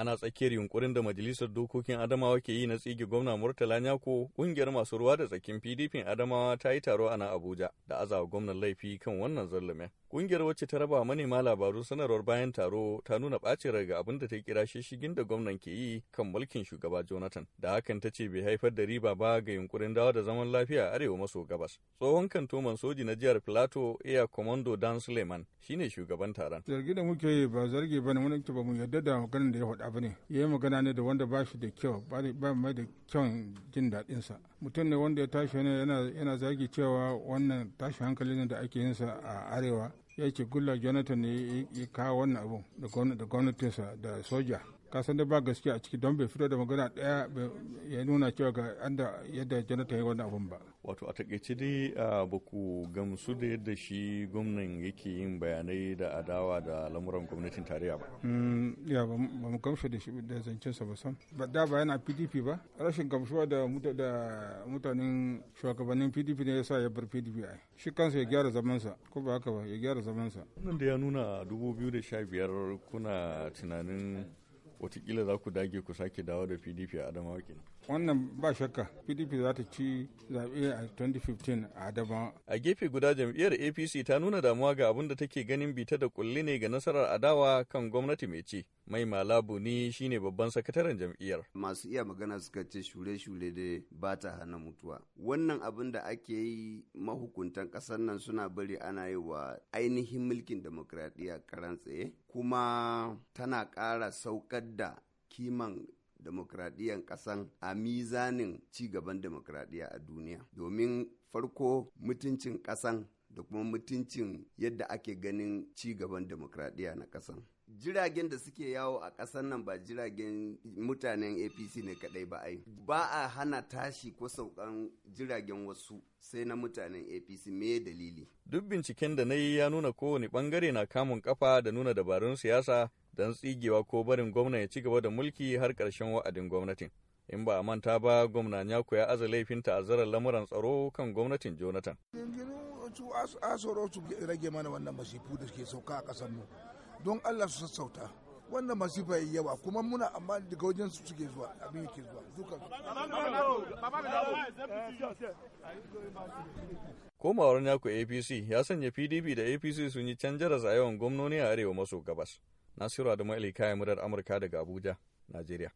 ana tsakiyar yunkurin da majalisar dokokin adamawa ke yi na tsige gwamna murtala nyako kungiyar masu ruwa da tsakin pdp adamawa ta yi taro a nan abuja da azawa gwamnan laifi kan wannan zallume kungiyar wacce ta raba manema labaru sanarwar bayan taro ta nuna ɓacin raga abin da ta kira shishigin da gwamnan ke yi kan mulkin shugaba jonathan da hakan ta ce bai haifar da riba ba ga yunkurin dawa da zaman lafiya a arewa maso gabas tsohon kantoman soji na jihar plateau air commando dan suleiman shine shugaban taron zargi da muke yi ba zargi ba ne mun ba mu yarda da maganar da ya faɗa abu ne ya yi magana ne da wanda ba shi da kyau ba mai da kyau jin daɗinsa mutum ne wanda ya tashi ne yana zagi cewa wannan tashi hankali ne da ake yinsa a arewa ya ce gula jonathan ne ya kawo wannan abu da gwamnatinsa da soja Ka san da ba gaskiya a ciki don bai fito da magana daya ya nuna cewa ga anda yadda jonathan ya wani abun ba wato a takaice dai a baku gamsu da yadda shi gwamnan yake yin bayanai da adawa da lamuran gwamnatin tarayya ba hmm, ya ba mu gamsu da shi da zancen sa ba san. ba da ba yana pdp ba rashin gamsuwa da mutanen shugabannin pdp ne yasa ya bar pdp a shi kansa ya gyara zamansa ko ba haka ba ya gyara zamansa wannan da ya nuna 2015 kuna tunanin watakila za ku dage ku sake dawo da pdp a adamawa kenan wannan ba shakka pdp za ta ci zaɓe a 2015 a adamawa a gefe guda jam'iyyar apc ta nuna damuwa ga abin da take ganin bita da kulle ne ga nasarar adawa kan gwamnati mai ci mai malabu ne shine babban sakataren jam'iyyar. Masu iya magana suka ce shure-shure da ba ta hana mutuwa. Wannan abin da ake yi mahukuntan ƙasar nan suna bari ana yi wa ainihin mulkin demokradiyya karan tsaye, kuma tana ƙara saukar da kiman demokradiyyar ƙasan a mizanin ci gaban demokradiyya a duniya. Domin farko mutuncin ƙasan da kuma mutuncin yadda ake ganin ci gaban demokradiyya na ƙasan. jiragen da suke yawo a ƙasar nan ba jiragen mutanen apc ne kadai ba ai ba a hana tashi ko saukan jiragen wasu sai na mutanen apc me dalili duk binciken da na yi ya nuna kowane bangare na kamun kafa da nuna dabarun siyasa don tsigewa ko barin gwamna ya ci gaba da mulki har karshen wa'adin gwamnatin in ba a manta ba gwamna ya aza a ta'azzarar lamuran tsaro kan gwamnatin jonathan yawancin asoro su rage mana wannan masifu da ke sauka a kasar mu don allah su sassauta wannan masifa yi yawa kuma muna amma daga wajen su suke zuwa abin yake zuwa komawar naku apc ya sanya pdp da apc sun yi canjaras a yawan gwamnoni a arewa maso gabas nasiru adamu alika murar amurka daga abuja najeriya